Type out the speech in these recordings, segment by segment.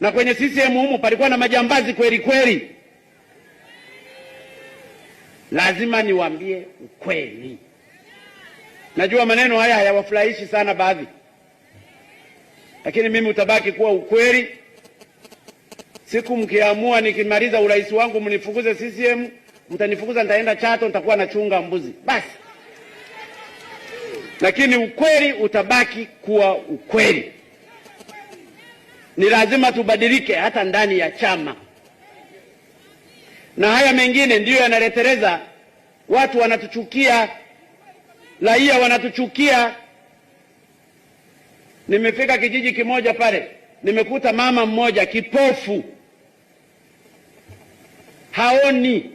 na kwenye CCM humu palikuwa na majambazi kweli kweli. Lazima niwaambie ukweli. Najua maneno haya hayawafurahishi sana baadhi, lakini mimi utabaki kuwa ukweli. Siku mkiamua nikimaliza urais wangu mnifukuze CCM, mtanifukuza, nitaenda Chato, nitakuwa nachunga mbuzi basi, lakini ukweli utabaki kuwa ukweli. Ni lazima tubadilike hata ndani ya chama, na haya mengine ndiyo yanaletereza watu wanatuchukia, raia wanatuchukia. Nimefika kijiji kimoja pale, nimekuta mama mmoja kipofu, haoni,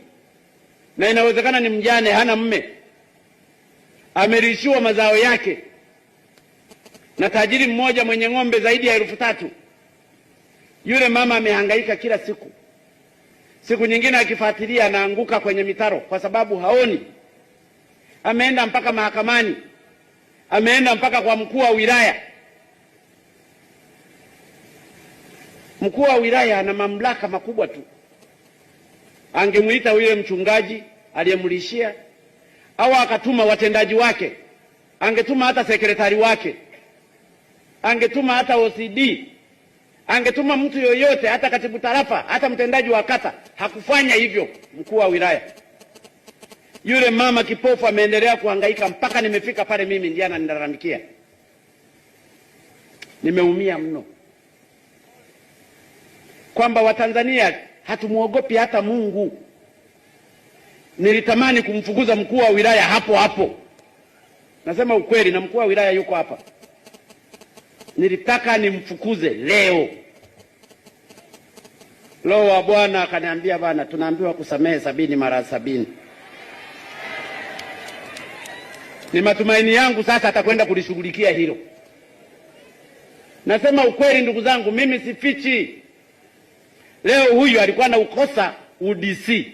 na inawezekana ni mjane, hana mme, amelishiwa mazao yake na tajiri mmoja mwenye ng'ombe zaidi ya elfu tatu. Yule mama amehangaika kila siku, siku nyingine akifuatilia anaanguka kwenye mitaro kwa sababu haoni. Ameenda mpaka mahakamani, ameenda mpaka kwa mkuu wa wilaya. Mkuu wa wilaya ana mamlaka makubwa tu, angemwita yule mchungaji aliyemlishia au akatuma watendaji wake, angetuma hata sekretari wake, angetuma hata OCD Angetuma mtu yoyote, hata katibu tarafa, hata mtendaji wa kata. Hakufanya hivyo, mkuu wa wilaya. Yule mama kipofu ameendelea kuhangaika mpaka nimefika pale mimi Ndiana, ninalalamikia. Nimeumia mno kwamba Watanzania hatumwogopi hata Mungu. Nilitamani kumfukuza mkuu wa wilaya hapo hapo, nasema ukweli, na mkuu wa wilaya yuko hapa nilitaka nimfukuze leo. Roho wa Bwana akaniambia, bana, tunaambiwa kusamehe sabini mara sabini. Ni matumaini yangu sasa atakwenda kulishughulikia hilo. Nasema ukweli, ndugu zangu, mimi sifichi. Leo huyu alikuwa na ukosa UDC